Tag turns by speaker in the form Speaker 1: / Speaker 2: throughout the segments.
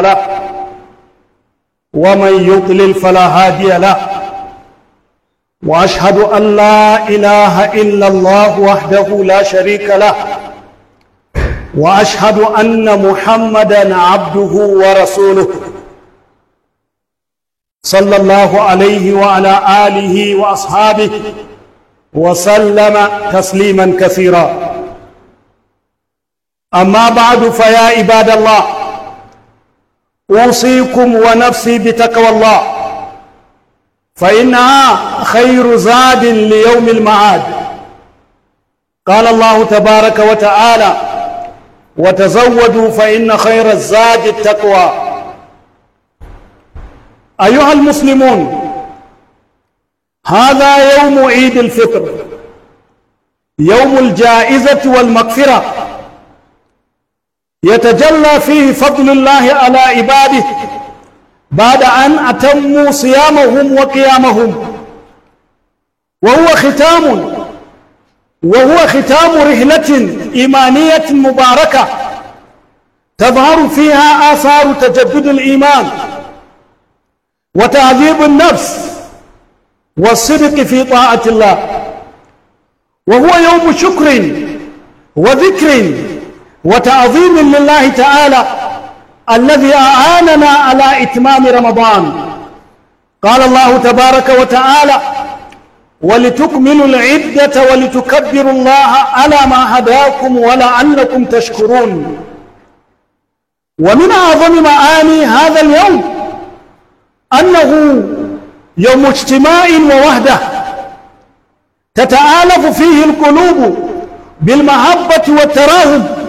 Speaker 1: له ومن يضلل فلا هادي له واشهد ان لا اله الا الله وحده لا شريك له واشهد ان محمدا عبده ورسوله صلى الله عليه وعلى اله واصحابه وسلم تسليما كثيرا اما بعد فيا عباد الله أوصيكم ونفسي بتقوى الله فإنها خير زاد ليوم المعاد قال الله تبارك وتعالى وتزودوا فإن خير الزاد التقوى أيها المسلمون هذا يوم عيد الفطر يوم الجائزة والمغفرة يتجلى فيه فضل الله على عباده بعد أن أتموا صيامهم وقيامهم وهو ختام وهو ختام رحلة إيمانية مباركة تظهر فيها آثار تجدد الإيمان وتعذيب النفس والصدق في طاعة الله وهو يوم شكر وذكر وتعظيم لله تعالى الذي أعاننا على إتمام رمضان قال الله تبارك وتعالى ولتكملوا العدة ولتكبروا الله على ما هداكم ولعلكم تشكرون ومن أعظم معاني هذا اليوم أنه يوم اجتماع ووهدة تتآلف فيه القلوب بالمحبة والتراهب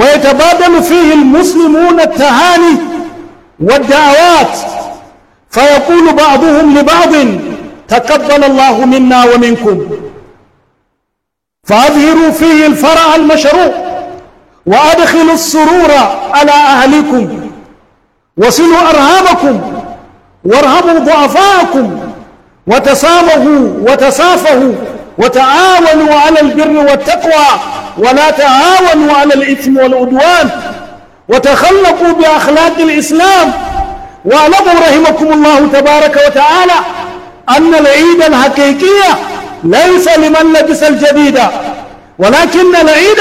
Speaker 1: ويتبادل فيه المسلمون التهاني والدعوات فيقول بعضهم لبعض تقبل الله منا ومنكم فأظهروا فيه الفرح المشروع وأدخلوا السرور على أهلكم وصلوا أرهابكم وارهبوا ضعفاءكم وتسامحوا وتسافهوا وتعاونوا على البر والتقوى ولا تعاونوا على الإثم والعدوان وتخلقوا بأخلاق الإسلام واعلموا رحمكم الله تبارك وتعالى أن العيد الحقيقية ليس لمن لبس الجديد ولكن العيد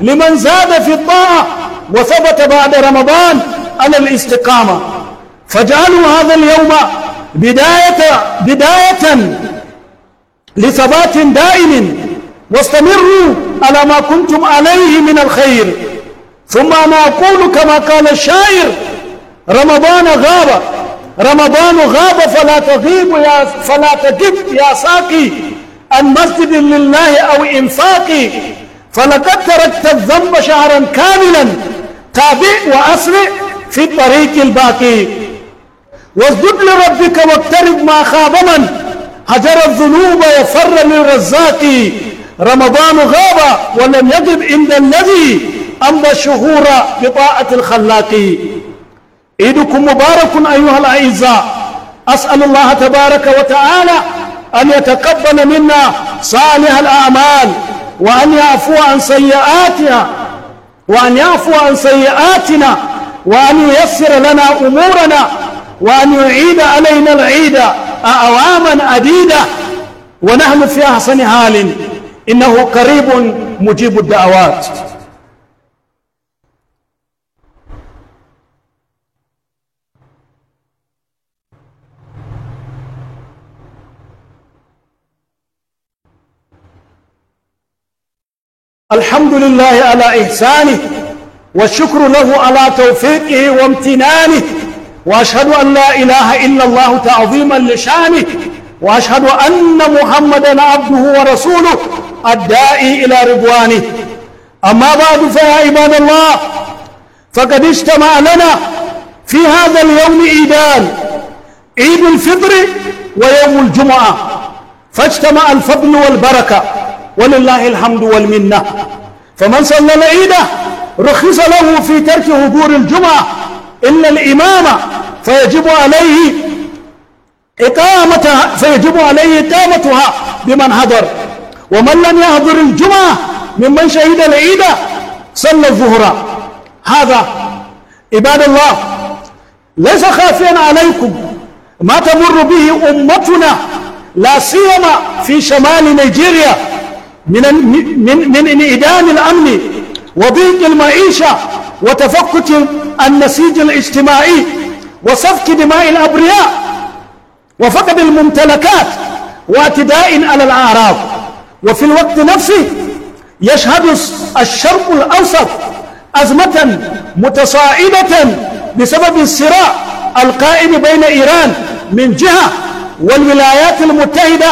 Speaker 1: لمن زاد في الطاعة وثبت بعد رمضان على الاستقامة فاجعلوا هذا اليوم بداية, بداية لثبات دائم واستمروا على ما كنتم عليه من الخير ثم أنا أقول كما قال الشاعر رمضان غاب رمضان غاب فلا تغيب يا فلا تغب يا ساقي عن مسجد لله أو إنفاقي فلقد تركت الذنب شهرا كاملا تابع وأسرع في الطريق الباقي واسجد لربك واقترب ما خاب من هجر الذنوب وفر للرزاق رمضان غاب ولم يجب إلا الذي أما الشهور بطاعة الخلاق عيدكم مبارك أيها الأعزاء أسأل الله تبارك وتعالى أن يتقبل منا صالح الأعمال وأن يعفو عن سيئاتنا وأن يعفو عن سيئاتنا وأن ييسر لنا أمورنا وأن يعيد علينا العيد أعواما عديدة ونحن في أحسن حال إنه قريب مجيب الدعوات الحمد لله على إحسانه والشكر له على توفيقه وامتنانه وأشهد أن لا إله إلا الله تعظيما لشانه وأشهد أن محمدا عبده ورسوله الداعي إلى رضوانه أما بعد فيا عباد الله فقد اجتمع لنا في هذا اليوم عيدان عيد الفطر ويوم الجمعة فاجتمع الفضل والبركة ولله الحمد والمنة فمن صلى العيد رخص له في ترك حضور الجمعة إلا الإمامة فيجب عليه إقامتها فيجب عليه إقامتها بمن حضر ومن لم يحضر الجمعة ممن شهد العيد صلى الظهر هذا عباد الله ليس خافيا عليكم ما تمر به أمتنا لا سيما في شمال نيجيريا من من من انعدام الامن وضيق المعيشه وتفكك النسيج الاجتماعي وسفك دماء الابرياء وفقد الممتلكات واعتداء على الاعراض وفي الوقت نفسه يشهد الشرق الأوسط أزمة متصاعدة بسبب الصراع القائم بين إيران من جهة والولايات المتحدة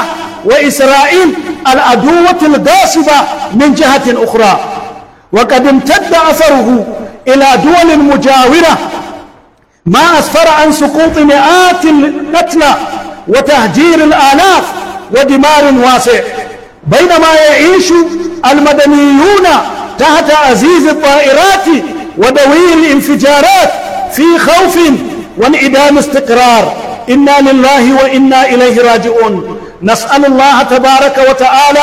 Speaker 1: وإسرائيل العدوة الغاصبة من جهة أخرى وقد امتد أثره إلى دول مجاورة ما أسفر عن سقوط مئات القتلى وتهجير الآلاف ودمار واسع بينما يعيش المدنيون تحت عزيز الطائرات ودوي الانفجارات في خوف وانعدام استقرار إنا لله وإنا إليه راجعون نسأل الله تبارك وتعالى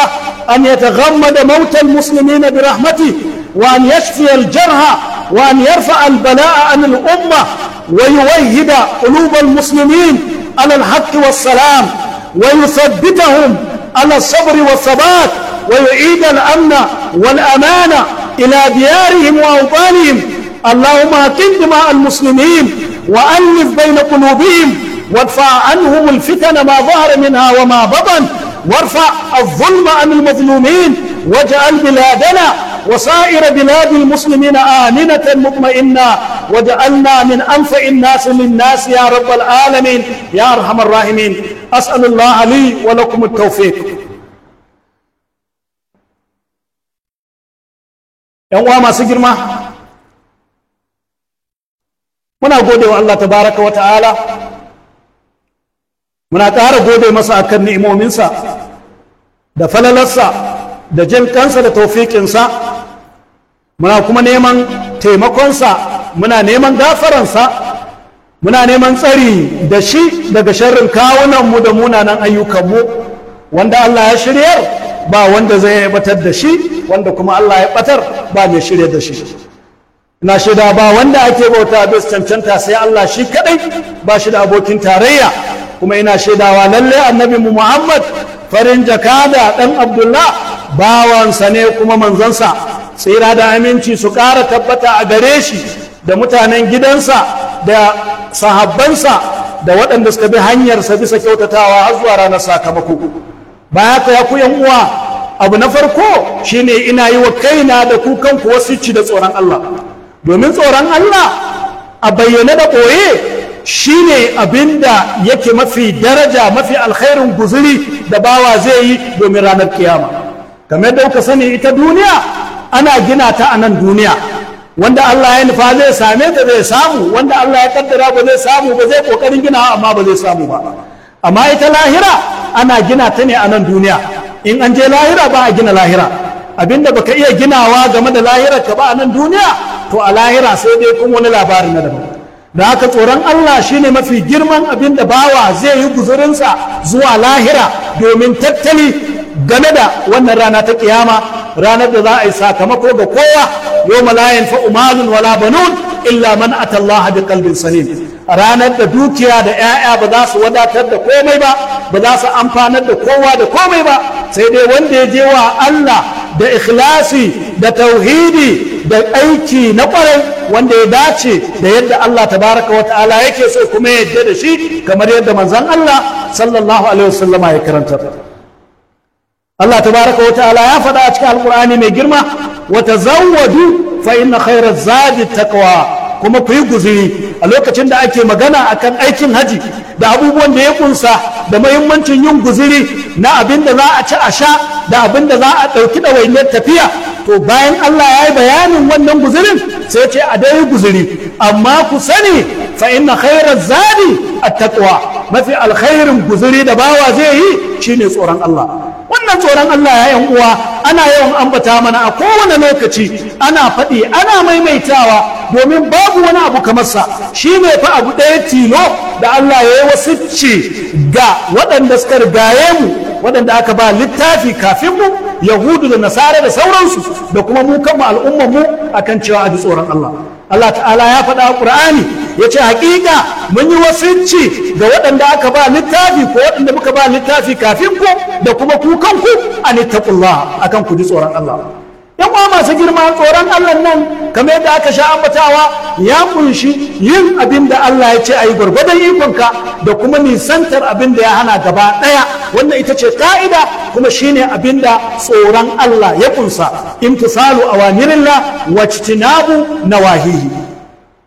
Speaker 1: أن يتغمد موت المسلمين برحمته وأن يشفي الجرح وأن يرفع البلاء عن الأمة ويوهد قلوب المسلمين على الحق والسلام ويثبتهم على الصبر والثبات ويعيد الأمن والأمانة إلى ديارهم وأوطانهم اللهم أكن دماء المسلمين وألف بين قلوبهم وادفع عنهم الفتن ما ظهر منها وما بطن وارفع الظلم عن المظلومين واجعل بلادنا وسائر بلاد المسلمين آمنة مطمئنة واجعلنا من أنفع الناس للناس يا رب العالمين يا أرحم الراحمين أسأل الله لي ولكم التوفيق ‘yan uwa masu girma muna gode wa Allah tabaraka wa ta'ala muna ƙara gode masa a kan ni'imominsa da falalarsa da jin kansa da taufiƙinsa muna kuma neman taimakonsa muna neman gafaransa muna neman tsari da shi daga sharrin kawunanmu da munanan ayyukanmu wanda Allah ya shiryar ba wanda zai batar da shi wanda kuma Allah ya batar ba mai shirya da shi na shida ba wanda ake bauta bis cancanta sai Allah shi kadai ba shi da abokin tarayya kuma ina shaidawa lalle annabi mu Muhammad farin jakada dan Abdullah bawansa ne kuma manzansa tsira da aminci su ƙara tabbata a gare shi da mutanen gidansa da sahabbansa da waɗanda suka bi hanyar sa bisa kyautatawa har zuwa ranar sakamako ba ya kaya ku yan uwa abu na farko shine ina yi wa kaina da ku kanku wasicci da tsoron Allah domin tsoron Allah a bayyane da ɓoye shine abinda yake mafi daraja mafi alkhairin guzuri da bawa zai yi domin ranar kiyama kamar yadda kuka sani ita duniya ana gina ta a nan duniya wanda Allah ya nufa zai same ta zai samu wanda Allah ya kaddara ba zai samu ba zai kokarin ginawa amma ba zai samu ba amma ita lahira ana gina ta ne a nan duniya in an je lahira ba a gina lahira abinda baka iya ginawa game da lahirar ka ba a nan duniya to a lahira sai dai kun wani labari na daban da haka tsoron Allah shine mafi girman abin da bawa zai yi guzurinsa zuwa lahira domin tattali game da wannan rana ta kiyama ranar da za a yi sakamako ga kowa yau malayan fa'umalun wala banun illa man atallaha bi kalbin salim ranar da dukiya da 'ya'ya ba za su wadatar da komai ba ba za su amfanar da kowa da komai ba sai dai wanda ya je wa Allah da ikhlasi da tauhidi da aiki na kwarai wanda ya dace da yadda Allah tabaraka wa ta'ala yake so kuma ya yadda da shi kamar yadda manzon Allah sallallahu alaihi wasallama ya karanta Allah tabaraka wa ta'ala ya faɗa a cikin alkur'ani mai girma wa tazawwadu fa inna khayra zadi taqwa kuma ku yi guziri a lokacin da ake magana akan aikin haji da abubuwan da ya kunsa da mahimmancin yin guziri na abin da za a ci a sha da abin da za a ɗauki ɗawainiyar tafiya to bayan Allah ya yi bayanin wannan guzirin sai ce a dai guziri amma ku sani fa inna khayra zadi at-taqwa mafi alkhairin guziri da bawa zai yi shine tsoron Allah wannan tsoron Allah ya yan uwa ana yawan ambata mana a kowane lokaci ana faɗi ana maimaitawa domin babu wani abu kamar sa shi ne fa abu ɗaya tilo da Allah ya yi wasicci ga waɗanda suka rigaye mu waɗanda aka ba littafi kafin mu yahudu da nasara da sauransu da kuma mu kanmu al'ummar mu akan cewa a ji tsoron Allah Allah ta'ala ya faɗa a ya ce haƙiƙa mun yi wasanci ga waɗanda aka ba littafi ko waɗanda muka ba littafi kafin ku da kuma ku kanku an akan ku ji tsoron Allah yan uwa masu girma tsoron Allah nan kamar yadda aka sha ambatawa ya kunshi yin abin da Allah ya ce ayi gwargwadon ikonka da kuma nisantar abin da ya hana gaba daya wannan ita ce ka'ida kuma shine abin da tsoron Allah ya kunsa imtisalu awamirillah na nawahihi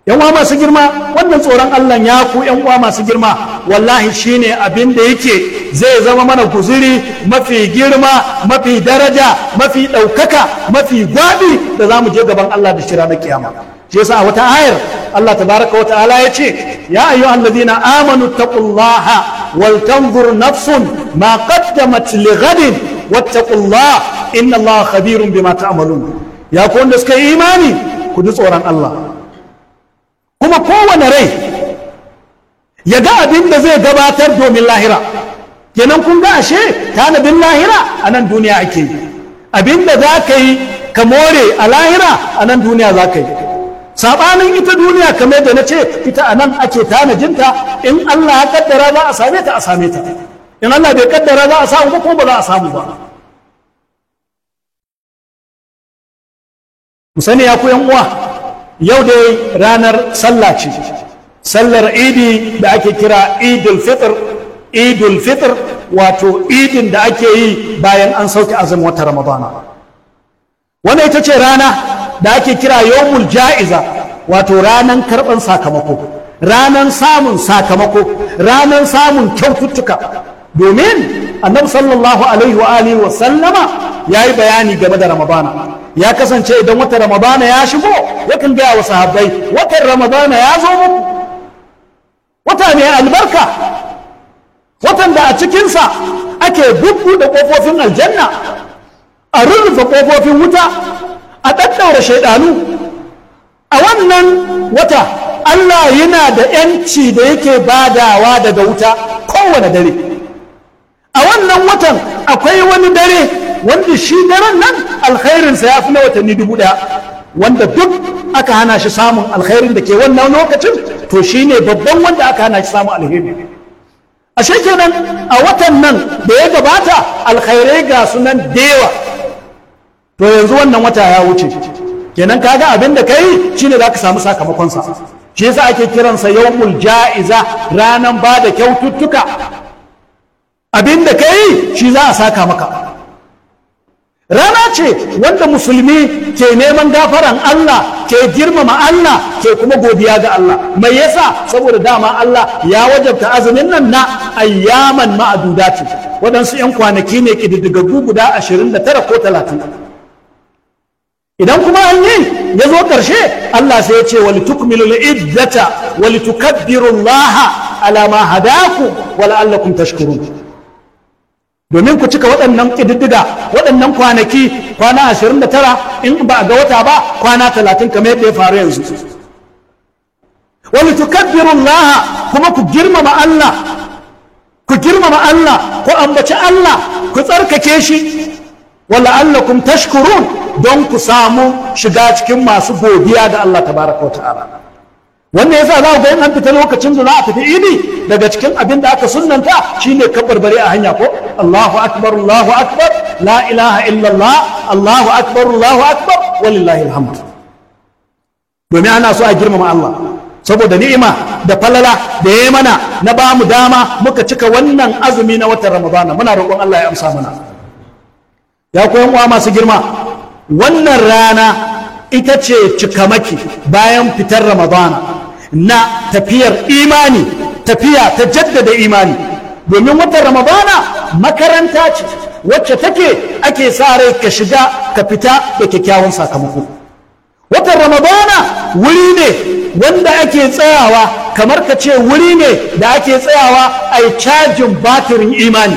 Speaker 1: yan uwa masu girma wannan tsoron Allah ya ku yan uwa masu girma wallahi shine abin da yake zai zama mana guziri mafi girma mafi daraja mafi ɗaukaka mafi gwabi da za mu je gaban Allah da shira na kiyama shi yasa wata ayar Allah tabaraka wa ta'ala ya ce ya ayyuhal ladina amanu taqullaha wal tanzur nafsun ma qaddamat lighadin wattaqullaha inna Allah khabirun bima ta'malun ya ku wanda suka yi imani ku ji tsoron Allah kuma kowane rai ya ga abin da zai gabatar domin lahira kenan kun ga ashe tanadin lahira a nan duniya ake yi abin da za ka yi ka more a lahira a nan duniya za ka yi Saɓanin ita duniya kamar da na ce ita a nan ake tanajinta in Allah ya kaddara za a same ta a same ta in Allah bai kaddara za a samu ba ko ba za a samu ba mu sani ya ku yan uwa yau dai ranar sallah ce sallar idi da ake kira idul fitr idul fitr wato idin da ake yi bayan an sauke azumin wata ramadana wannan ita ce rana da ake kira yawmul ja'iza wato ranan karban sakamako ranan samun sakamako ranan samun kyaututtuka domin annabi sallallahu alaihi wa alihi wa sallama yayi bayani game da ramadana ya kasance idan wata ramadana ya shigo ya kan gaya wa sahabbai watan ramadana ya zo muku wata mai albarka watan da a cikinsa ake da ƙofofin aljanna a rurrufe kofofin wuta a ɗaɗɗaura shaidanu a wannan wata allah yana da ‘yanci da yake badawa daga wuta kowane dare a wannan watan akwai wani dare wanda shi daren nan alkhairinsa ya fi na watanni dubu ɗaya wanda duk aka hana shi samun alkhairin da ke wannan lokacin to shi ne babban wanda aka hana shi samun alheri ashe kenan a watan nan da ya gabata alkhairai ga sunan dewa to yanzu wannan wata ya wuce kenan kaga abin da kai shine zaka samu sakamakonsa shi yasa ake kiransa yawmul ja'iza ranan ba da kyaututtuka abin da kai shi za a saka maka rana ce wanda musulmi ke neman gafaran Allah ke girmama Allah ke kuma godiya ga Allah mai yasa saboda dama Allah ya wajabta azumin nan na ayyaman ma'adudati waɗansu 'yan kwanaki ne ƙididdigaggu guda 29 ko 30 idan kuma an yi ya zo ƙarshe Allah sai ya ce wali tukmilul iddata wali tukaddirullaha ala ma hadaku wa la'allakum tashkurun domin ku cika waɗannan ƙididdiga waɗannan kwanaki kwana ashirin da tara, in ba ga wata ba kwana talatin kamar yadda ya faru yanzu wani tukabbirun laha kuma ku girmama Allah ku girmama Allah ku ambaci Allah ku tsarkake shi wala allakum tashkurun don ku samu shiga cikin masu godiya ga Allah tabaraka wa ta'ala wanda yasa za ku ga in an fita lokacin da za a tafi idi daga cikin abin da aka sunnanta shine kabbarbare a hanya ko Allahu akbar Allahu akbar la ilaha illallah Allahu akbar Allahu akbar walillahi alhamd domin ana so a girmama Allah saboda ni'ima da falala da ya mana na ba mu dama muka cika wannan azumi na watan ramadana muna roƙon Allah ya amsa mana ya koyan uwa masu girma wannan rana ita ce cikamaki bayan fitar ramadana na tafiyar imani tafiya ta jaddada imani domin watan ramadana makaranta ce wacce take ake sa rai ka shiga ka fita da kyakkyawan sakamako watan ramadana wuri ne wanda ake tsayawa kamar ka ce wuri ne da ake tsayawa a yi cajin batirin imani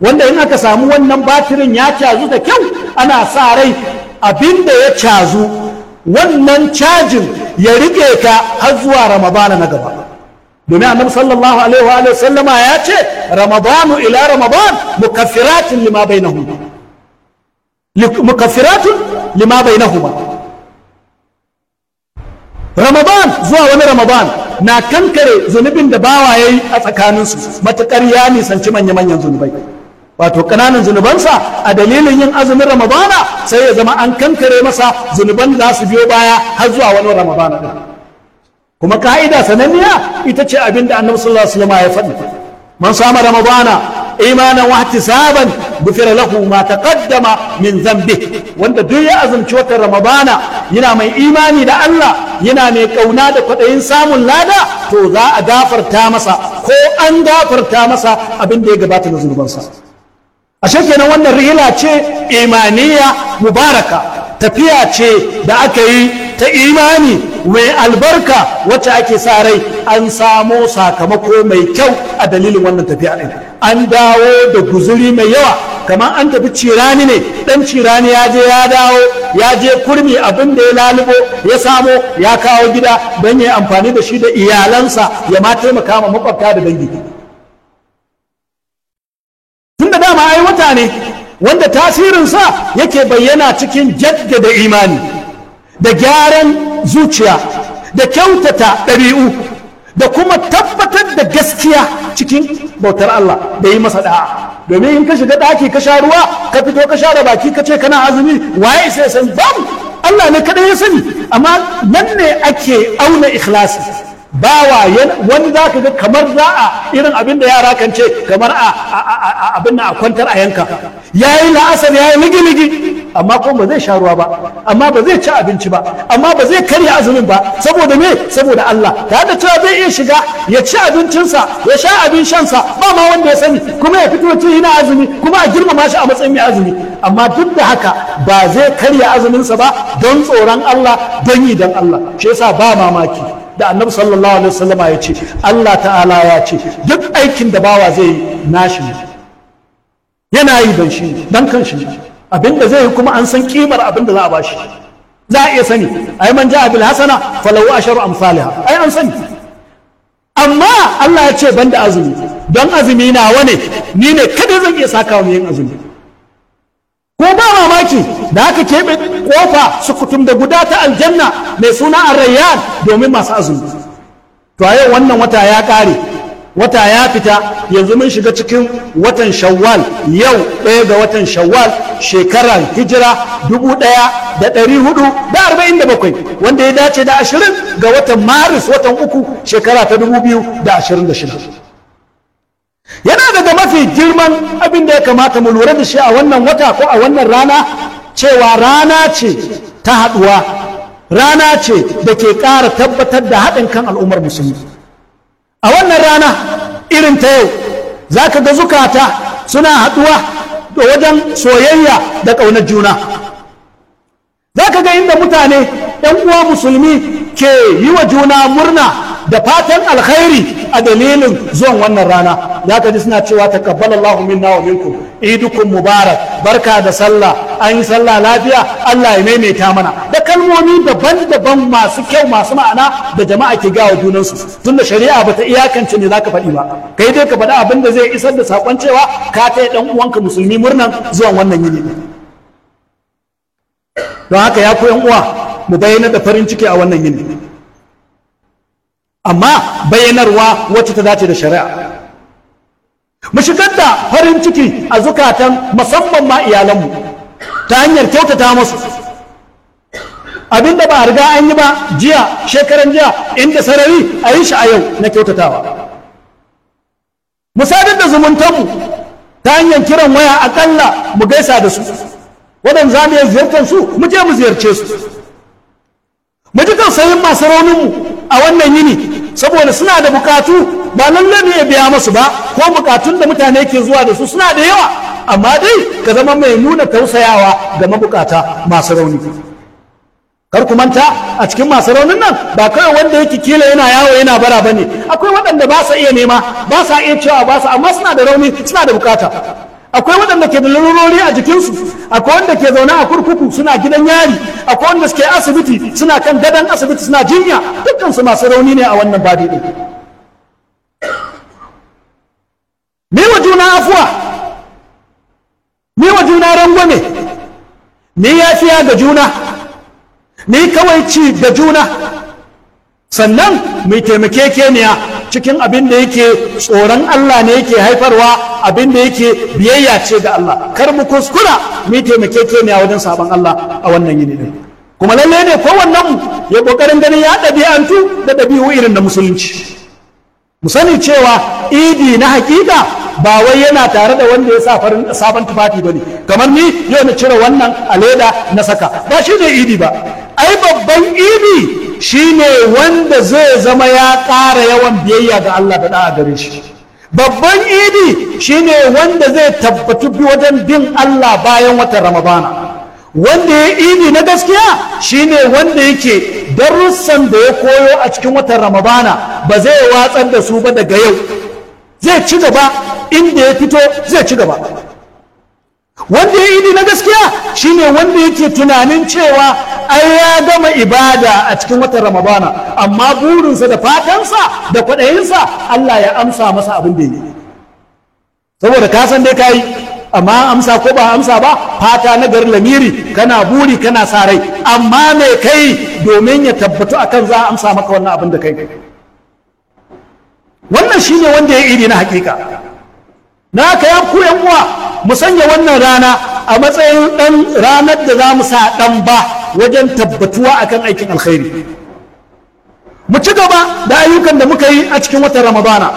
Speaker 1: wanda in aka samu wannan batirin ya cazu da kyau ana sa rai abinda ya cazu wannan cajin ya rike ka har zuwa ramadana na gaba domin annabi sallallahu alaihi wa alihi sallama ya ce ramadanu ila ramadan mukaffiratun lima bainahuma mukaffiratun lima bainahuma ramadan zuwa wani ramadan na kankare zunubin da bawa yayi a su matakar ya nisanci manya-manyan zunubai wato ƙananan zunubansa a dalilin yin azumin ramadana sai ya zama an kankare masa zunuban za su biyo baya har zuwa wani ramadana kuma ka'ida sananniya ita ce abin da annabi sallallahu alaihi wasallam ya faɗi man sama ramadana imanan wa ihtisaban gufira lahu ma taqaddama min dhanbi wanda duk ya azumci watan ramadana yana mai imani da Allah yana mai kauna da kwaɗayin samun lada to za a gafarta masa ko an gafarta masa abin da ya gabata na zunubansa ashe kenan wannan rihila ce imaniya mubaraka tafiya ce da aka yi ta imani mai albarka wacce ake sa rai an samo sakamako mai kyau a dalilin wannan tafiya ɗin an dawo da guzuri mai yawa kamar an tafi cirani ne ɗan cirani ya je ya dawo ya je kurmi abin da ya lalubo ya samo ya kawo gida don ya amfani da shi da iyalansa ya ma taimaka ma makwabta da dangi ne wanda tasirinsa yake bayyana cikin jaddada imani da gyaran zuciya da kyautata ɗabi'u da kuma tabbatar da gaskiya cikin bautar Allah da yi masa da'a domin in ka shiga ɗaki ka sha ruwa ka fito ka share baki ka ce kana azumi waye sai san babu Allah ne kaɗai ya sani amma nan ne ake auna ikhlasi bawa wani za ka ga kamar za a irin abin da yara kan ce kamar a abin na a kwantar a yanka ya yi la'asar ya yi ligi-ligi amma kuma ba zai sha ruwa ba amma ba zai ci abinci ba amma ba zai karya azumin ba saboda me saboda Allah ta da cewa zai iya shiga ya ci abincinsa ya sha abin shansa ba ma wanda ya sani kuma ya fito ci yana azumi kuma a girmama shi a matsayin mai azumi amma duk da haka ba zai karya azuminsa ba don tsoron Allah don yi don Allah shi yasa ba mamaki da annabi sallallahu alaihi wasallama ya ce Allah ta'ala ya ce duk aikin da bawa zai yi nashi ne yana yi ban shi don kan shi abin da zai yi kuma an san kimar abin da za a bashi za a iya sani ai man ja'a bil hasana falahu asharu amsalha ai an sani amma Allah ya ce banda azumi don azumi na wane ni ne kada zan iya saka wa yin azumi ko ba mamaki da aka keɓe ƙofa sukutum da guda ta aljanna mai suna arrayyan domin masu azumi to a yau wannan wata ya ƙare wata ya fita yanzu mun shiga cikin watan shawwal yau ɗaya ga watan shawwal shekarar hijira dubu ɗaya da ɗari hudu da arba'in da bakwai wanda ya dace da ashirin ga watan maris watan uku shekara ta dubu biyu da ashirin da shida yana daga mafi girman abin da ya kamata mu lura da shi a wannan wata ko a wannan rana cewa rana ce ta haɗuwa rana ce da ke ƙara tabbatar da haɗin kan al'ummar musulmi a wannan rana irin ta yau za ka ga zukata suna haɗuwa da wajen soyayya da ƙaunar juna za ka ga inda mutane 'yan uwa musulmi ke yi wa juna murna da fatan alkhairi a dalilin zuwan wannan rana Ya gaji ji suna cewa takabbalallahu minna wa minkum dukun mubarak barka da sallah an yi sallah lafiya Allah ya maimaita mana da kalmomi daban-daban masu kyau masu ma'ana da jama'a ke gawa junansu tunda shari'a bata iyakance ne zaka faɗi ba kai dai ka faɗi abin da zai isar da sakon cewa ka taya dan uwanka musulmi murnan zuwan wannan yini don haka ya ku yan uwa mu bayyana da farin ciki a wannan yini amma bayyanarwa wacce ta dace da shari'a mu shigar da farin ciki a zukatan musamman ma iyalanmu ta hanyar kyautata musu abinda ba a riga an yi ba jiya shekaran jiya inda sarari a yi shi a yau na kyautatawa mu sadar da zumuntanmu ta hanyar kiran waya akalla mu gaisa da su waɗanda za mu yi ziyartar su mu je mu ziyarce su mu ji kan tausayin masu rauninmu a wannan yini saboda suna da bukatu ba lalle ne ya biya masu ba ko bukatun da mutane ke zuwa da su suna da yawa amma dai ka zama mai nuna tausayawa ga mabukata masu rauni kar ku manta a cikin masu raunin nan ba kawai wanda yake kila yana yawo yana bara bane akwai waɗanda ba sa iya nema ba sa iya cewa ba sa amma suna da rauni suna da bukata akwai waɗanda ke da lalurori a jikinsu akwai wanda ke zaune a kurkuku suna gidan yari akwai wanda suke asibiti suna kan gadon asibiti suna jinya dukkansu masu rauni ne a wannan babi daidai mi wa juna afuwa mi wa juna rangwame mi yafiya da juna kawai ci da juna sannan mai keniya. cikin abin da yake tsoron Allah ne yake haifarwa abin da yake biyayya ce ga Allah kar mu kuskura mu taimake a wajen sabon Allah a wannan yini ne kuma lalle ne ko wannan ya kokarin ganin ya ɗabi'antu da ɗabi'u irin na musulunci mu sani cewa idi na hakika ba wai yana tare da wanda ya sa farin sabon tufafi ba ne kamar ni yau na cire wannan aleda na saka ba shi ne idi ba ai babban idi shine wanda zai zama ya ƙara yawan biyayya ga Allah da ɗa'a gare shi babban idi shine wanda zai tabbatu wajen bin Allah bayan watan ramadana wanda ya idi na gaskiya shine wanda yake darussan da ya koyo a cikin watan ramadana ba zai watsar da su ba daga yau zai ci gaba inda ya fito zai ci gaba wanda ya idi na gaskiya shine wanda yake tunanin cewa ai ya gama ibada a cikin watan ramadana amma burinsa da fatansa da kwaɗayinsa allah ya amsa masa abin da yi saboda ka san dai ka yi amma amsa ko ba amsa ba fata na gari lamiri kana buri kana sa rai amma mai kai domin ya tabbatu akan za a amsa maka wannan abin da kai wannan shine wanda ya idi na hakika na ka ya yan uwa mu sanya wannan rana a matsayin ɗan ranar da za mu sa ɗan ba wajen tabbatuwa akan aikin alkhairi mu ci gaba da ayyukan da muka yi a cikin watan ramadana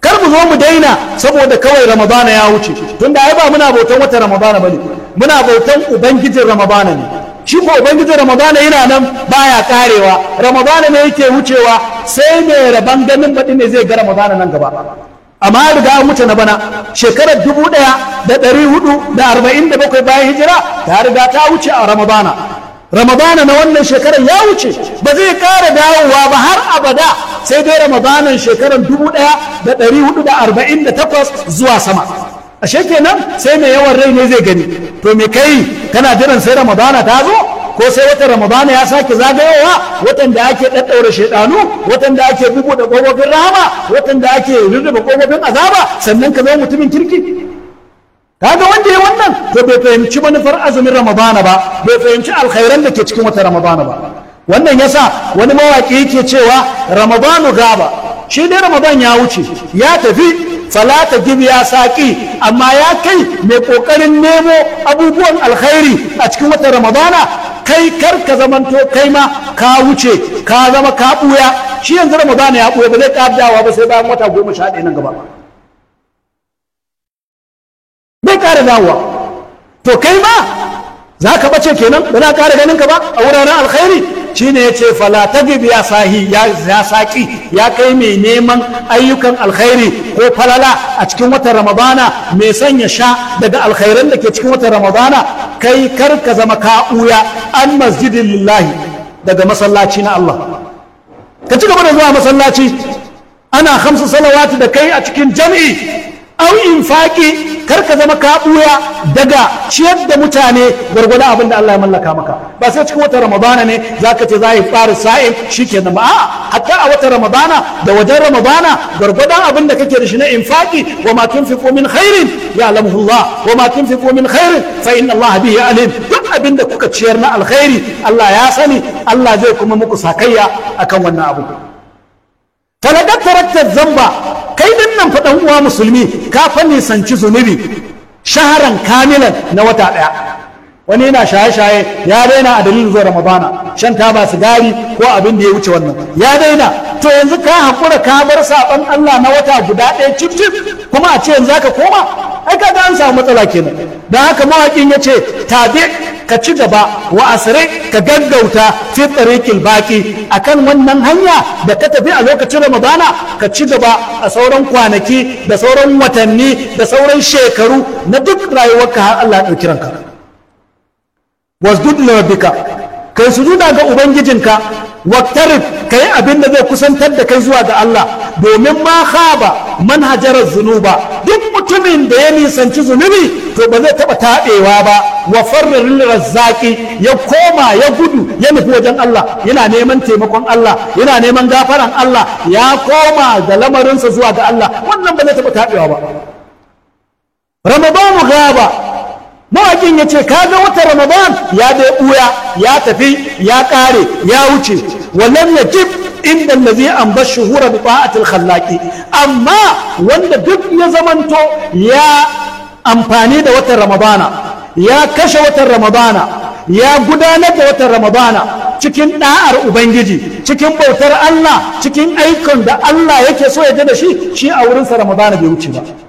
Speaker 1: kar mu zo mu daina saboda kawai ramadana ya wuce tun da ai ba muna bautan watan ramadana bane muna bautan ubangijin ramadana ne shi ko ubangijin ramadana yana nan baya karewa ramadana ne yake wucewa sai mai rabon ganin baɗi ne zai ga ramadana nan gaba amma ya riga wuce na bana shekarar dubu ɗaya da ɗari hudu da arba'in da bakwai bayan hijira ta riga ta wuce a ramadana ramadana na wannan shekarar ya wuce ba zai ƙara dawowa ba har abada sai dai ramadanan shekarar dubu ɗaya da ɗari hudu da arba'in da takwas zuwa sama ashe kenan sai mai yawan rai ne zai gani to me kai kana jiran sai ramadana ta zo ko sai watan ramadana ya sake zagayowa watan da ake daddaura shaidanu watan da ake bubu da gogogin rahama watan da ake rurrufe gogogin azaba sannan ka zama mutumin kirki kaga wanda ya wannan to bai fahimci manufar azumin ramadana ba bai fahimci alkhairan da ke cikin watan ramadana ba wannan yasa wani mawaki yake cewa ramadanu gaba shi dai ramadan ya wuce ya tafi salata gib ya saƙi amma ya kai mai ƙoƙarin nemo abubuwan alkhairi a cikin watan ramadana kai kar ka zamanto kai ma ka wuce ka zama ka ɓuya shi yanzu ramadan ya buya ba zai ƙardawa ba sai bayan wata goma sha ɗaya nan gaba bai ƙara dawowa to kai ma za ka bace kenan ba za ƙara ganin ka ba a wuraren alkhairi shine ya ce falatagib ya sahi ya saƙi ya kai mai neman ayyukan alkhairi ko falala a cikin watan ramadana mai sanya sha daga alkhairan da ke cikin watan ramadana kai kar ka zama ka'uya an masjidin lillahi daga masallaci na Allah ka ci gaba da zuwa masallaci ana hamsa salawati da kai a cikin jam'i au kar ka zama ka buya daga ciyar da mutane gwargwadon abin da Allah ya mallaka maka ba sai cikin watan ramadana ne za ka ce za yi fara sa'in shi ba a'a hatta a watan ramadana da wajen ramadana gwargwadon abin da kake da shi na infaki wa ma tunfiqu min khairin Ya Allah wa ma tunfiqu min khairin fa inna Allah bihi alim duk abin da kuka ciyar na alkhairi Allah ya sani Allah zai kuma muku sakayya akan wannan abu talaqat hatta zamba kai din nan fa uwa musulmi ka fa nisanci zunubi shaharan kamilan na wata ɗaya. wani yana shaye-shaye ya daina a dalilin zuwa ramadana shan taba sigari ko abin da ya wuce wannan ya daina to yanzu ka haƙura ka bar saɓon allah na wata guda ɗaya cif kuma a ce yanzu ka koma ai ka an samu matsala kenan da haka mawaƙin ya ce tabi ka ci gaba wa asire ka gaggauta fi tsarikin baki akan wannan hanya da ka tafi a lokacin ramadana ka ci gaba a sauran kwanaki da sauran watanni da sauran shekaru na duk rayuwarka har Allah ya ɗauki ranka wasjud li kai sujuda ga ubangijinka ka kai abin da zai kusantar da kai zuwa ga Allah domin ma khaba manhajar zunuba duk mutumin da ya nisanci zunubi to ba zai taɓa taɗewa ba wa farril zaƙi ya koma ya gudu ya nufi wajen Allah yana neman taimakon Allah yana neman gafaran Allah ya koma da lamarinsa zuwa ga Allah wannan ba zai taɓa taɗewa ba ramadanu gaba mawaƙin ya ce ka ga wata ramadan ya dai ɓuya ya tafi ya ƙare ya wuce Wannan ya jib inda lazi an bar shuhura bi ta'atil amma wanda duk ya zamanto ya amfani da watan ramadana ya kashe watan ramadana ya gudanar da watan ramadana cikin ɗa'ar ubangiji cikin bautar Allah cikin aikin da Allah yake so ya da shi shi a wurinsa ramadana bai wuce ba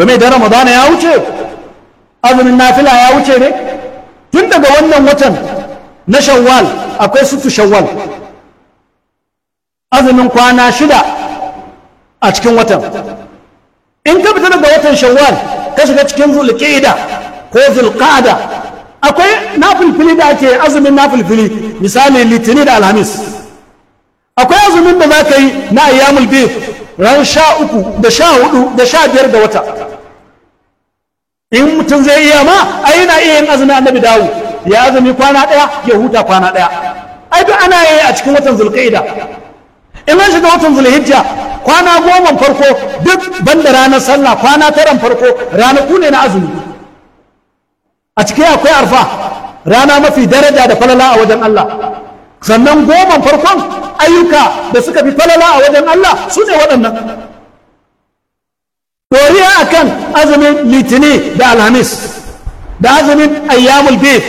Speaker 1: domin da ramadana ya wuce azumin nafila ya wuce ne tun daga wannan watan na shawwal akwai sutu shawwal azumin kwana shida a cikin watan in ka fita daga watan shawwal ka shiga cikin zulqa'da ko zulqa'da akwai nafilfili da ake azumin nafilfili misali litinin da alhamis akwai azumin da za ka yi na ayyamul bid ran sha uku da sha hudu da sha biyar da wata in mutum zai iya ma ai yana iya yin azumi annabi dawo ya azumi kwana ɗaya ya huta kwana ɗaya ai duk ana yi a cikin watan zulqa'ida in an shiga watan zulhijja kwana goma farko duk banda ranar sallah kwana taran farko ranaku ne na azumi a cikin akwai arfa rana mafi daraja da falala a wajen Allah sannan goma farkon ayyuka da suka fi falala a wajen Allah su ne waɗannan Ɗoriya akan azumin litini da alhamis da azumin ayyamul bid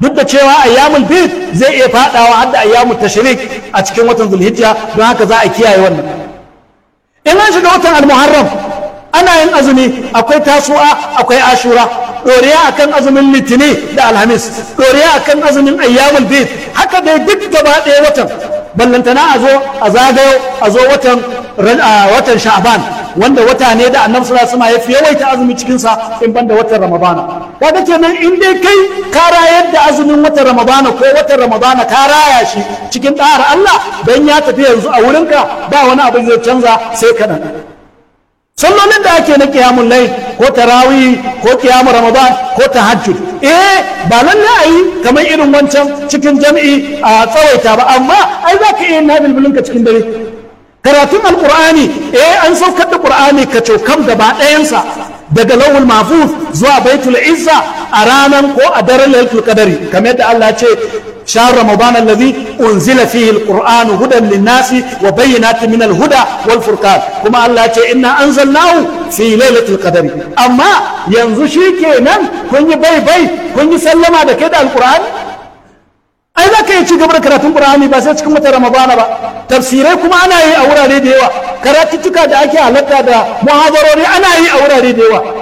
Speaker 1: duk da cewa ayyamul bid zai iya faɗawa har da ayyamul tashrik a cikin watan zulhijja don haka za a kiyaye wannan in an shiga watan almuharram ana yin azumi akwai tasu'a akwai ashura Ɗoriya akan azumin litini da alhamis ɗoriya akan azumin ayyamul bid haka dai duk gaba ɗaya watan ballantana a zo a zagayo a zo watan watan sha'ban wanda wata ne da annabi sallallahu alaihi wasallam ya fi yawaita azumi cikin sa in banda watan ramadana kaga kenan in dai kai ka rayar da azumin watan ramadana ko watan ramadana ka raya shi cikin ɗahar Allah dan ya tafi yanzu a wurinka ba wani abu zai canza sai kaɗan sallolin da ake na kiyamun lai ko tarawih ko kiyamun ramadan ko tahajjud eh ba lalle a yi kamar irin wancan cikin jami'i a tsawaita ba amma ai za ka iya yin nabil cikin dare karatun alkur'ani eh an saukar da ƙur'ani ka cokam gaba ɗayansa daga lawul mahfuz zuwa baitul izza a ranar ko a daren lailatul qadari kamar yadda Allah ce shahr ramadan allazi unzila fihi alqur'anu hudan linnasi wa bayyana timinal alhuda wal furqan kuma Allah ce inna anzalnahu fi lailatul qadari amma yanzu shi shikenan kun yi baibai, bai kun yi sallama da kai da alqur'ani ai za ka yi ci da karatun qur'ani ba sai cikin wata ramadana ba tafsirai kuma ana yi a wurare da yawa karatuttuka da ake halatta da muhadarori ana yi a wurare da yawa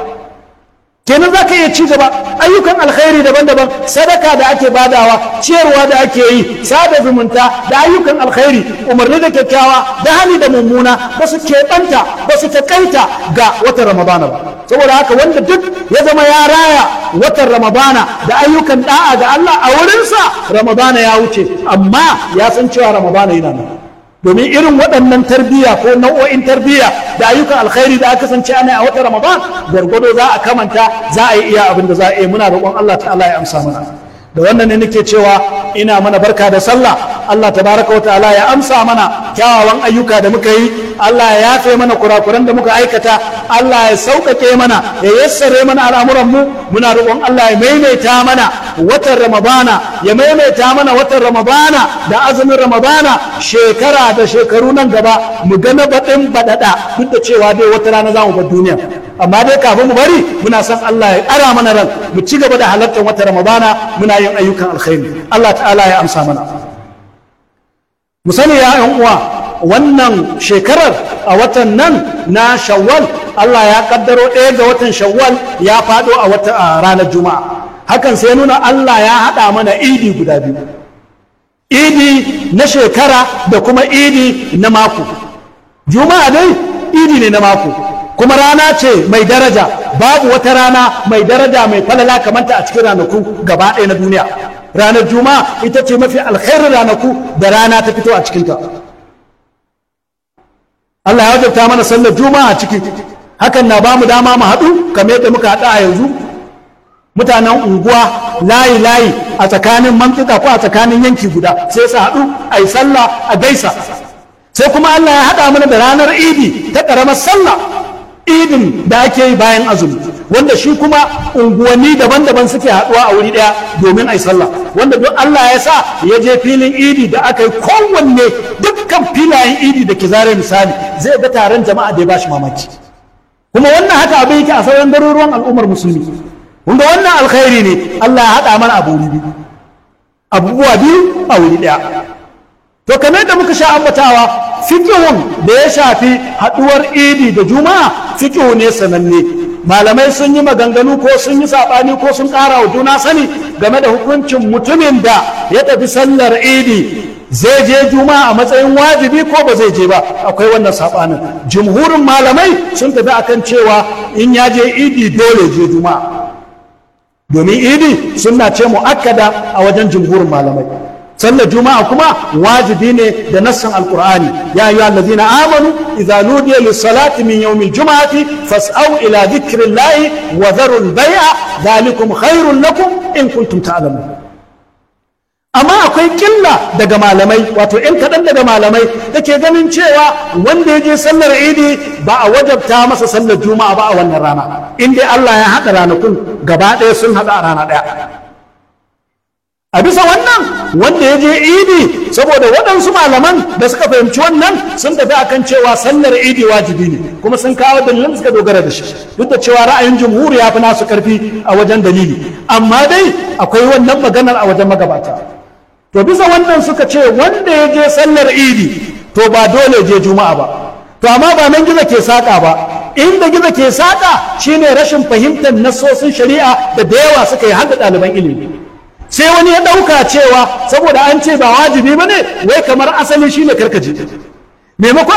Speaker 1: kenan za ka iya ci gaba ayyukan alkhairi daban-daban sadaka da ake badawa ciyarwa da ake yi sada zumunta da ayyukan alkhairi umarni da kyakkyawa da hali da mummuna ba su keɓanta ba su taƙaita ga wata ramadana ba saboda haka wanda duk ya zama ya raya watan ramadana da ayyukan da'a ga allah a wurinsa ramadana ya wuce amma ya san cewa ramadana yana nan domin irin waɗannan tarbiyya ko nau'o'in tarbiyya da ayyukan alkhairi da aka sance ana a wata ramadan gargwado za a kamanta za a yi iya abin da za a yi muna roƙon allah ta'ala ya amsa mana da wannan ne nake cewa ina mana barka da sallah Allah tabaraka wa ta'ala ya amsa mana kyawawan ayyuka da muka yi Allah ya yafe mana kurakuran da muka aikata Allah ya sauƙaƙe mana ya yassare mana al'amuran mu muna roƙon Allah ya maimaita mana watan Ramadana ya maimaita mana watan Ramadana da azumin Ramadana shekara da shekaru nan gaba mu ga na baɗin baɗaɗa duk da cewa dai wata rana za mu bar duniya amma dai kafin mu bari muna san Allah ya ara mana ran mu ci gaba da halartar wata ramadana muna yin ayyukan alkhairi Allah ta'ala ya amsa mana mu sani ya ƴan uwa wannan shekarar a watan nan na shawwal Allah ya kaddaro ɗaya ga watan shawwal ya faɗo a wata ranar juma'a hakan sai nuna Allah ya haɗa mana idi guda biyu idi na shekara da kuma idi na mako juma'a dai idi ne na mako kuma rana ce mai daraja babu wata rana mai daraja mai falala kamanta a cikin ranaku gaba ɗaya na duniya ranar juma'a ita ce mafi alkhairin ranaku da rana ta fito a cikin cikinta Allah ya wajabta mana sallar juma'a a ciki hakan na bamu dama mu haɗu kamar yadda muka haɗu a yanzu mutanen unguwa layi layi a tsakanin mantuka ko a tsakanin yanki guda sai su haɗu a yi sallah a gaisa sai kuma Allah ya haɗa mana da ranar idi ta ƙaramar sallah idin da ake yi bayan azumi wanda shi kuma unguwanni daban-daban suke haɗuwa a wuri ɗaya domin ai sallah wanda duk Allah ya sa ya je filin idi da aka yi kowanne dukkan filayen idi da ke zare misali zai ga taron jama'a da ya bashi mamaki kuma wannan haka abin yake a sauran garuruwan al'ummar musulmi kun wannan alkhairi ne Allah ya haɗa mana abu biyu abubuwa biyu a wuri ɗaya to kamar da muka sha ambatawa fiqhun da ya shafi haduwar idi da juma'a fiqhu ne sananne malamai sun yi maganganu ko sun yi sabani ko sun kara wa juna sani game da hukuncin mutumin da ya tafi sallar idi zai je juma'a a matsayin wajibi ko ba zai je ba akwai wannan sabanin jumhurin malamai sun tafi a kan cewa in ya je idi dole je juma'a domin idi sunna ce mu'akkada a wajen jumhurin malamai sallar juma'a kuma wajibi ne da nassan alqur'ani ya ayyuhal ladzina amanu idza nudiya lis-salati min yawmil juma'ati fas'au ila dhikrillahi wa dharul baya, dhalikum khairun lakum in kuntum ta'lamun amma akwai killa daga malamai wato in kaɗan daga malamai da ke ganin cewa wanda ya je sallar idi ba a wajabta masa sallar juma'a ba a wannan rana in dai Allah ya haɗa ranakun gaba ɗaya sun haɗa a rana ɗaya a bisa wannan wanda ya je idi saboda waɗansu malaman da suka fahimci wannan sun tafi akan cewa sallar idi wajibi ne kuma sun kawo dalilin suka dogara da shi duk da cewa ra'ayin jumhur ya fi nasu karfi a wajen dalili amma dai akwai wannan maganar a wajen magabata to bisa wannan suka ce wanda ya je sallar idi to ba dole je juma'a ba to amma ba nan gizo ke saƙa ba inda gizo ke saƙa shine rashin fahimtar nassosin shari'a da da yawa suka yi hada ɗaliban ilimi sai wani ya ɗauka cewa saboda an ce ba wajibi ba ne wai kamar asali shine karkaji maimako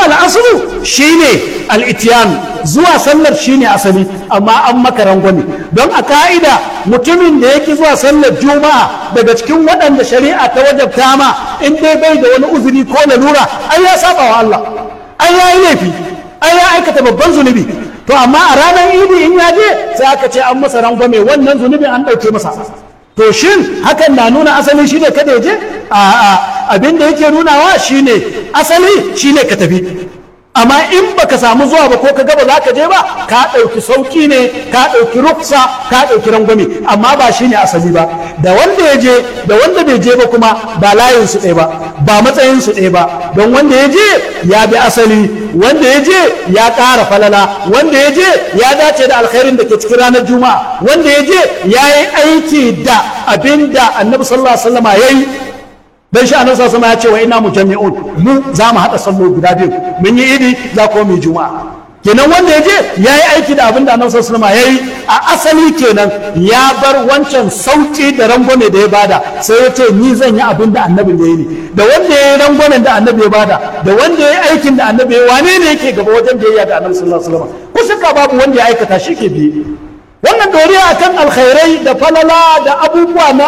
Speaker 1: shi shine al'itiyan zuwa sallar shine asali amma an maka rangwani don a ka'ida mutumin da yake zuwa sallar juma'a daga cikin waɗanda shari'a ta wajabta ma in dai bai da wani uzuri ko lalura an ya saba wa Allah an ya yi laifi an ya aikata babban zunubi to amma a ranar idi in ya je sai aka ce an masa rangwame wannan zunubin an ɗauke masa to shin hakan na nuna asali shine kada ya je a'a abin da yake nunawa shine asali shine ka tafi amma in baka samu zuwa ba ko ka gaba za ka je ba ka ɗauki Sauki ne ka ɗauki ruksa ka ɗauki rangwame amma ba shine asali ba da wanda ya je da wanda bai je ba kuma ba layinsu ɗaya ba ba matsayin su ɗaya ba don wanda ya je ya bi asali wanda ya je ya ƙara falala wanda ya je ya dace da alkhairin da ke cikin ranar juma'a wanda ya je ya yi aiki da abin da annabi sallallahu alaihi wasallama ya yi dan shi annabi sallallahu alaihi wasallama ya ce wa ina mujammi'un mu za mu haɗa sallo guda biyu mun yi idi za ko mu juma'a kenan wanda ya je ya yi aiki da abin da annabi sallallahu alaihi ya yi a asali kenan ya bar wancan sauki da rangwame da ya bada sai ya ce ni zan yi abin da annabin da ya yi da wanda ya yi rangwane da annabi ya bada da wanda ya yi aikin da annabi ya wane ne yake gaba wajen da biyayya da annabi sallallahu alaihi wasallam ko babu wanda ya aikata shi ke biye wannan doriya akan alkhairai da falala da abubuwa na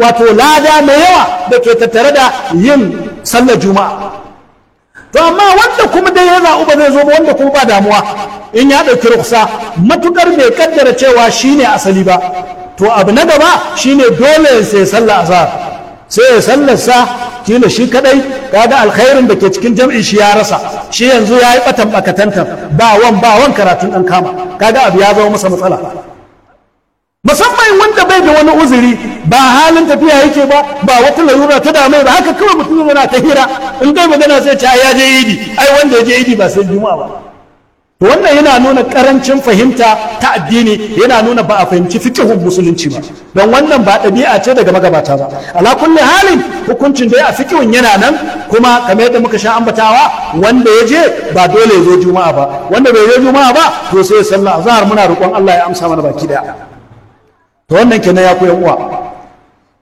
Speaker 1: wato lada mai yawa da ke tattare da yin sallar juma'a to amma wanda kuma dai ya zaɓu ba zai zo ba wanda kuma ba damuwa in ya ɗauki ruksa matuƙar bai kaddara cewa shine asali ba to abu na gaba shine dole sai sallah azhar sai ya sa, kila shi kadai kaga alkhairin da ke cikin jam'i shi ya rasa shi yanzu ya yi batan bakatanta ba wan ba wan karatun dan kama kaga abu ya zama masa matsala musamman wanda bai da wani uzuri ba halin tafiya yake ba ba wata larura ta damai ba haka kawai mutum yana ta hira in dai magana sai ce ya je idi ai wanda ya je idi ba sai juma'a ba to wannan yana nuna karancin fahimta ta addini yana nuna ba a fahimci fiqhun musulunci ba don wannan ba ɗabi'a ce daga magabata ba ala kulli halin hukuncin dai a fiqhun yana nan kuma kamar yadda muka sha ambatawa wanda ya je ba dole ya zo juma'a ba wanda bai zo juma'a ba to sai sallah azhar muna roƙon Allah ya amsa mana baki daya to wannan kenan ya koyan uwa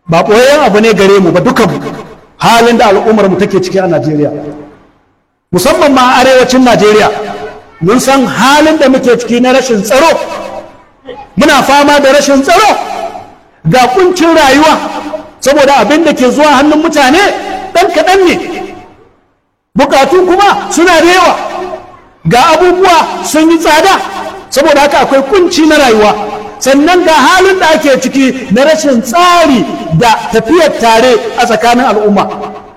Speaker 1: ba koyan abu ne gare mu ba dukan halin da al'ummar mu take ciki a Najeriya musamman ma a arewacin Najeriya mun san halin da muke ciki na rashin tsaro muna fama da rashin tsaro ga kuncin rayuwa saboda abin da ke zuwa hannun mutane ɗan kaɗan ne bukatu kuma suna da yawa ga abubuwa sun yi tsada saboda haka akwai kunci na rayuwa sannan ga halin da ake ciki na rashin tsari da tafiyar tare a tsakanin al'umma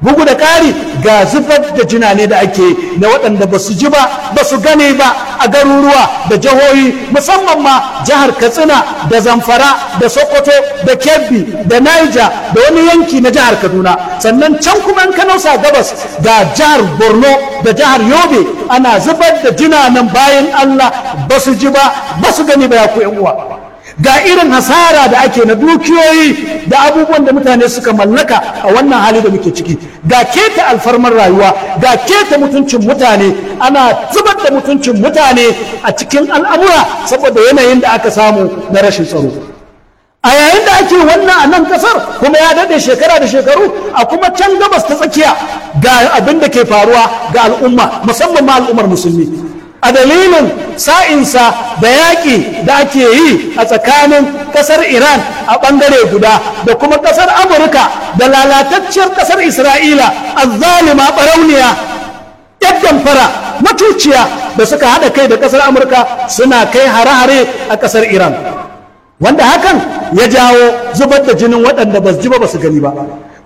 Speaker 1: bugu da ƙari ga zubar da ne da ake na waɗanda ba su ji ba ba su gane ba a garuruwa da jihohi musamman ma jihar katsina da zamfara da sokoto da kebbi da naija da wani yanki na jihar kaduna sannan can kuma in kanausa gabas ga jihar borno da jihar yobe ana zubar da jina nan bayan allah ba su ji ba ba su gani ba ya ku uwa ga irin hasara da ake na dukiyoyi da abubuwan da mutane suka mallaka a wannan hali da muke ciki ga keta alfarmar rayuwa ga keta mutuncin mutane ana zubar da mutuncin mutane a cikin al'amura saboda yanayin da aka samu na rashin tsaro a yayin da ake wannan a nan kasar kuma ya daɗe shekara da shekaru a kuma can gabas ta tsakiya ga abin da ke faruwa ga al'umma musamman ma al'ummar musulmi a dalilin sa'insa da yaƙi da ake yi a tsakanin ƙasar iran a ɓangare guda da kuma ƙasar amurka da lalatacciyar ƙasar isra'ila a zalima ɓarauniya yadda damfara matuciya da suka haɗa kai da ƙasar amurka suna kai hare-hare a ƙasar iran wanda hakan ya jawo zubar da jinin waɗanda ba su ji ba ba su gani ba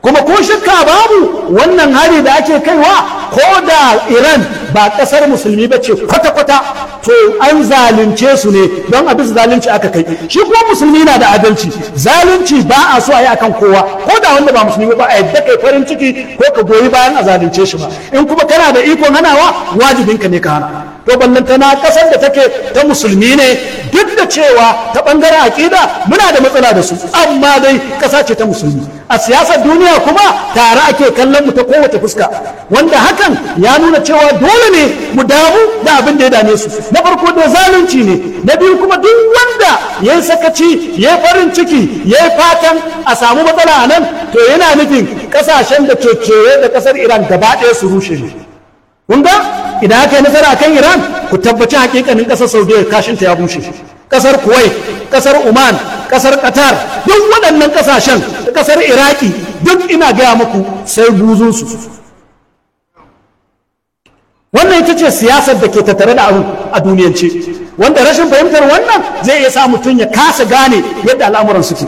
Speaker 1: kuma ko shakka babu wannan hari da ake kaiwa ko da iran ba ƙasar musulmi ba ce kwata-kwata to an zalunce su ne don abin zalunci aka kai shi kuma musulmi na da adalci zalunci ba a so a yi akan kowa ko da wanda ba musulmi ba a yadda kai farin ciki ko ka goyi bayan a zalunce shi ba in kuma kana da ikon hanawa wajibinka ne ka hana to tana kasar da take ta musulmi ne duk da cewa ta bangaren aƙida muna da matsala da su amma dai ƙasa ce ta musulmi a siyasar duniya kuma tare ake kallon mu ta kowace fuska wanda hakan ya nuna cewa dole ne mu damu da abin da ya dame su na farko da zalunci ne na biyu kuma duk wanda ya yi sakaci ya yi farin ciki ya yi fatan a samu matsala a nan to yana nufin kasashen da cocere da kasar iran gaba ɗaya su rushe ne kun ga idan aka yi nasara kan iran ku tabbaci hakikanin kasar saudiya kashinta ya bushe kasar Kuwai, kasar oman kasar qatar duk waɗannan kasashen kasar iraki duk ina gaya muku sai buzunsu wannan ita ce siyasar da ke tattare da abu a duniyance wanda rashin fahimtar wannan zai iya sa mutum ya kasa gane yadda al'amuran suke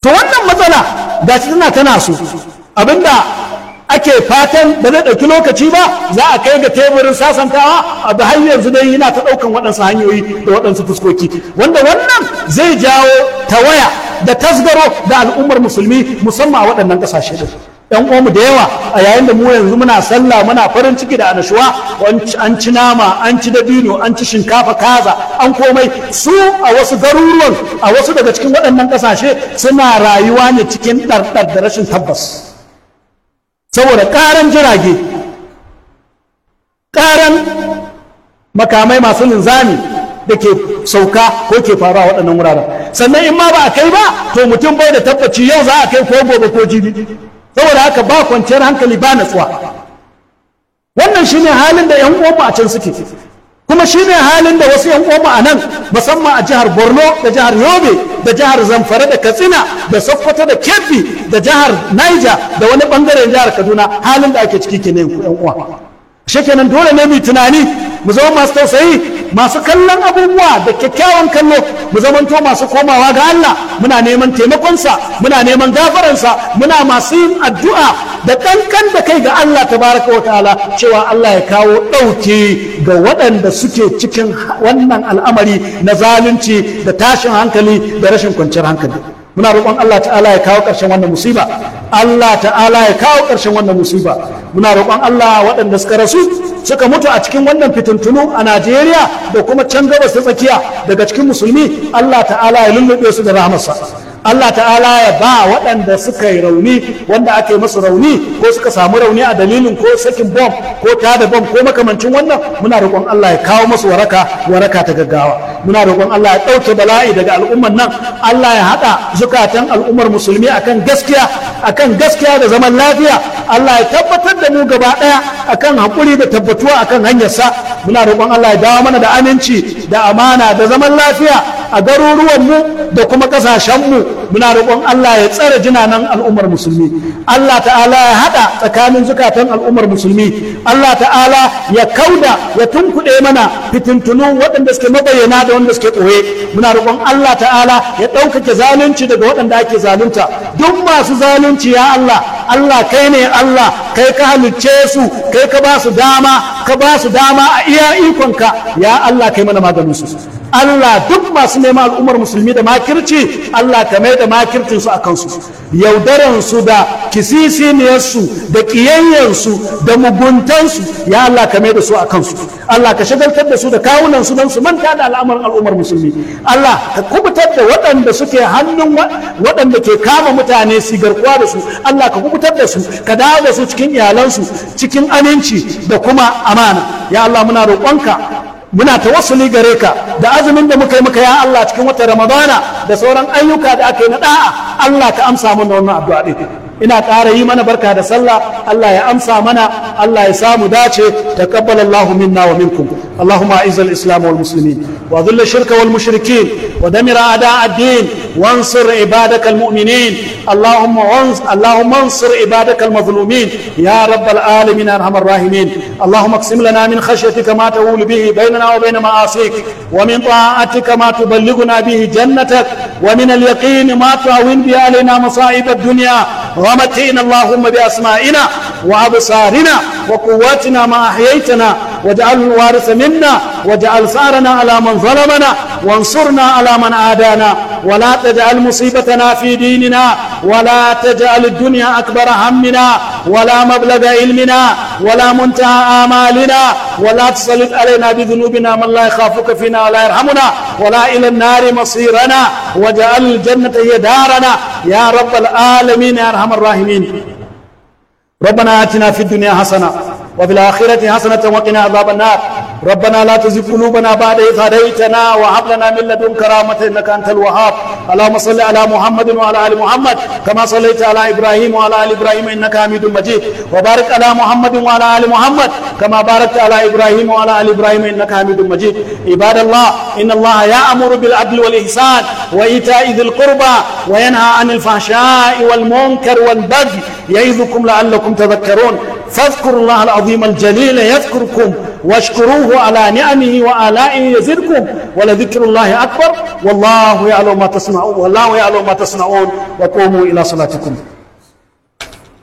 Speaker 1: to wannan matsala ga tana tana so abinda ake fatan ba zai ɗauki lokaci ba za a kai ga teburin sasantawa a da har yanzu dai yana ta ɗaukan waɗansu hanyoyi da waɗansu fuskoki wanda wannan zai jawo ta waya da tasgaro da al'ummar musulmi musamman a waɗannan ƙasashe ɗin yan uwanmu da yawa a yayin da mu yanzu muna sallah muna farin ciki da annashuwa an ci nama an ci dabino an ci shinkafa kaza an komai su a wasu garuruwan a wasu daga cikin waɗannan ƙasashe suna rayuwa ne cikin ɗarɗar da rashin tabbas saboda karan jirage karan makamai masu linzami da ke sauka ko ke faruwa waɗannan wuraren sannan in ma ba a kai ba to mutum bai da tabbaci yau za a kai ko gobe ko jibi saboda haka ba kwanciyar hankali ba natsuwa wannan shine halin da 'yan uwanmu a can suke kuma shine halin da wasu yan uwanmu a nan musamman a jihar borno da jihar yobe da jihar zamfara da katsina da sokoto da kebbi da jihar niger da wani ɓangaren jihar kaduna halin da ake ciki kenan yan uwa shekenan dole ne mu tunani mu zama masu tausayi masu kallon abubuwa da kyakkyawan kallo mu zamanto masu komawa ga Allah muna neman taimakonsa muna neman gafaransa muna masu yin addu'a da kankan da kai ga Allah tabaraka wa ta'ala cewa Allah ya kawo ɗauke ga waɗanda suke cikin wannan al'amari na zalunci da tashin hankali da rashin kwanciyar hankali muna roƙon Allah ta'ala ya kawo ƙarshen wannan musiba Allah ta'ala ya kawo ƙarshen wannan musiba muna roƙon Allah waɗanda suka rasu suka mutu a cikin wannan fitintunu a Najeriya da kuma can gabas ta tsakiya daga cikin musulmi Allah ta'ala ya lullube su da rahmarsa Allah ta'ala ya ba waɗanda suka yi rauni wanda ake masu rauni ko suka samu rauni a dalilin ko sakin bom ko tada bom ko makamancin wannan muna roƙon Allah ya kawo masu waraka waraka ta gaggawa muna roƙon Allah ya ɗauke bala'i daga al'ummar nan Allah ya haɗa zukatan al'ummar musulmi akan gaskiya akan gaskiya da zaman lafiya Allah ya tabbatar da mu gaba ɗaya akan haƙuri da tabbatuwa akan hanyarsa muna roƙon Allah ya dawo mana da aminci da amana da zaman lafiya a garuruwanmu da kuma ƙasashenmu muna roƙon Allah ya tsare jinanan al'ummar musulmi Allah ta'ala ya haɗa tsakanin zukatan al'ummar musulmi Allah ta'ala ya kauda ya tunkuɗe mana fitintunu waɗanda suke mabayyana da wanda suke ɓoye muna roƙon Allah ta'ala ya ɗaukake zalunci daga waɗanda ake zalunta duk masu zalunci ya Allah Allah kai ne Allah kai ka halicce su kai ka ba su dama ka ba su dama a iya ikonka ya Allah kai mana maganin su Allah duk masu neman al'ummar musulmi da makirci Allah ka mai da makircin su akan su yaudaran su da kisisiniyar su da kiyayyen su da muguntan su ya Allah ka mai da su akan su Allah ka shagaltar da su da kawunan su don su manta da al'amarin al'ummar musulmi Allah ka kubutar da waɗanda suke hannun waɗanda ke kama mutane su garkuwa da su Allah ka kubutar da su ka dawo da su cikin iyalansu cikin aminci da kuma amana ya Allah muna roƙonka muna ta tawassuli gare ka da azumin da muka yi muka ya Allah cikin wata Ramadana da sauran ayyuka da ake na da'a Allah ka amsa mana wannan addu'a din ina ƙara yi mana barka da sallah Allah ya amsa mana Allah ya samu dace taqabbal Allahu minna wa minkum اللهم أعز الإسلام والمسلمين وأذل الشرك والمشركين ودمر أعداء الدين وانصر عبادك المؤمنين اللهم اللهم انصر عبادك المظلومين يا رب العالمين ارحم الراحمين اللهم اقسم لنا من خشيتك ما تهول به بيننا وبين معاصيك ومن طاعتك ما تبلغنا به جنتك ومن اليقين ما تعون به علينا مصائب الدنيا ومتئنا اللهم بأسمائنا وأبصارنا وقواتنا ما أحييتنا واجعله الوارث منا واجعل ثارنا على من ظلمنا وانصرنا على من عادانا ولا تجعل مصيبتنا في ديننا ولا تجعل الدنيا أكبر همنا ولا مبلغ علمنا ولا منتهى آمالنا ولا تسلط علينا بذنوبنا من لا يخافك فينا ولا يرحمنا ولا إلى النار مصيرنا واجعل الجنة هي دارنا يا رب العالمين يا أرحم الراحمين ربنا آتنا في الدنيا حسنة وفي الآخرة حسنة وقنا عذاب النار ربنا لا تزغ قلوبنا بعد إذ هديتنا وهب لنا من لدنك رحمة إنك أنت الوهاب اللهم صل على محمد وعلى آل محمد كما صليت على إبراهيم وعلى آل إبراهيم إنك حميد مجيد وبارك على محمد وعلى آل محمد كما باركت على إبراهيم وعلى آل إبراهيم إنك حميد مجيد عباد الله إن الله يأمر بالعدل والإحسان وإيتاء ذي القربى وينهى عن الفحشاء والمنكر والبغي يعظكم لعلكم تذكرون فاذكروا الله العظيم الجليل يذكركم واشكروه على نعمه وآلائه يزدكم ولذكر الله أكبر والله يعلم ما تصنعون والله يعلم ما تصنعون وقوموا إلى صلاتكم